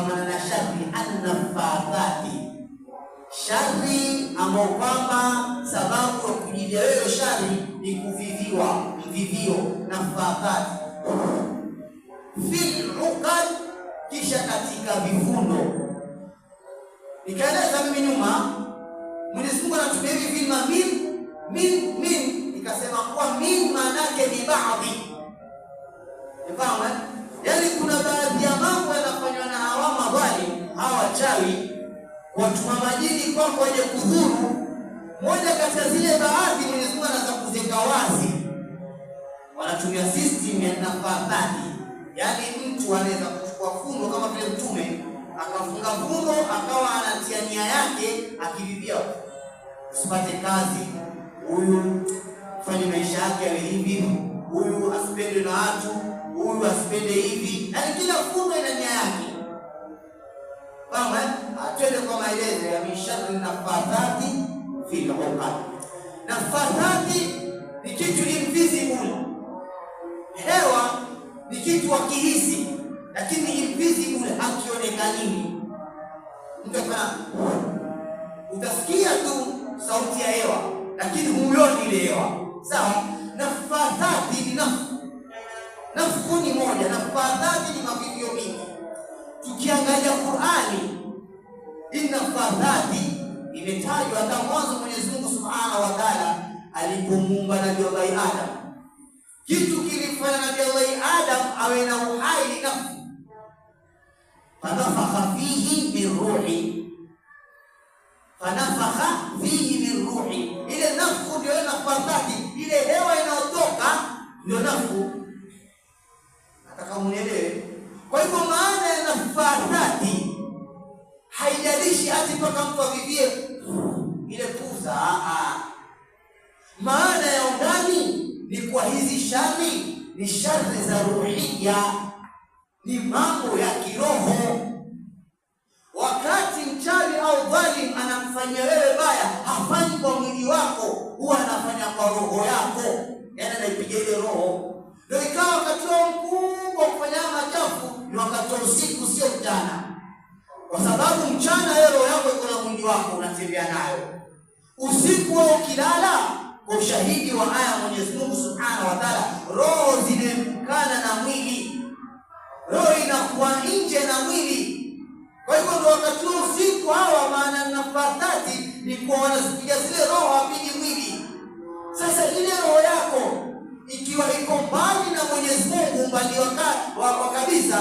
kufungamana na shari, annafadhati, shari ambayo kwamba sababu ya kujilia hiyo shari ni kuviviwa, vivio na fadhati fil uqad, kisha katika vifundo. Nikaeleza mimi nyuma, Mwenyezi Mungu anatumia hivi vilma min min min, nikasema kuwa min maanake ni baadhi, wachawi, watu wa majini kwako wenye kudhuru. Moja kati ya zile baadhi Mwenyezi Mungu anaweza kuziweka wazi, wanatumia system ya nafadhali, yaani mtu anaweza kuchukua fundo kama vile Mtume akafunga fundo akawa anatia nia yake akivivia, usipate kazi huyu, fanye maisha yake yawe hivi, huyu asipendwe na watu, huyu asipende hivi, yaani kila fundo ina nia yake twende kwa maelezo ya mishari nafathati fil uqad. Nafathati ni kitu invisible, hewa ni kitu wakihisi, lakini invisible, hakionekanini. Mtu utasikia tu sauti ya hewa, lakini huioni ile hewa. Sawa, nafathati ni nafsi nafuni moja, nafathati ni mapigio mingi. Tukiangalia Qur'ani inna fadhati imetajwa hata mwanzo. Mwenyezi Mungu Subhanahu wa Ta'ala alipomuumba Nabii Allah Adam, kitu kilifanya Nabii Allah Adam awe na uhai ni nafsi, fanafakha fihi min ruhi, fanafakha fihi min ruhi. Ile nafsi ndio ina fadhati, ile hewa inayotoka ndio nafsi. Nataka unielewe. haijalishi hati mpaka mtu avivie ile kuza. Ah, ah. Maana ya undani ni kwa hizi shari ni sharti za ruhia ni mambo ya kiroho. Wakati mchawi au dhalim anamfanyia wewe baya, hafanyi kwa mwili wako, huwa anafanya kwa roho yako, yaani anaipiga ile roho. Ndio ikawa wakati wao mkubwa kufanya machafu ni wakati wa usiku, sio mchana kwa sababu mchana wewe roho yako iko na mwili wako unatembea nayo. Usiku wewe ukilala, kwa ushahidi wa aya Mwenyezi Mungu Subhanahu wa Ta'ala, roho zinemkana na mwili, roho inakuwa nje na mwili. Kwa hivyo ndio wakati wa usiku hawa, maana nafadhati ni kwa wanazipiga zile roho apigi mwili. Sasa ile roho yako ikiwa iko mbali na Mwenyezi Mungu, mbali wa kabisa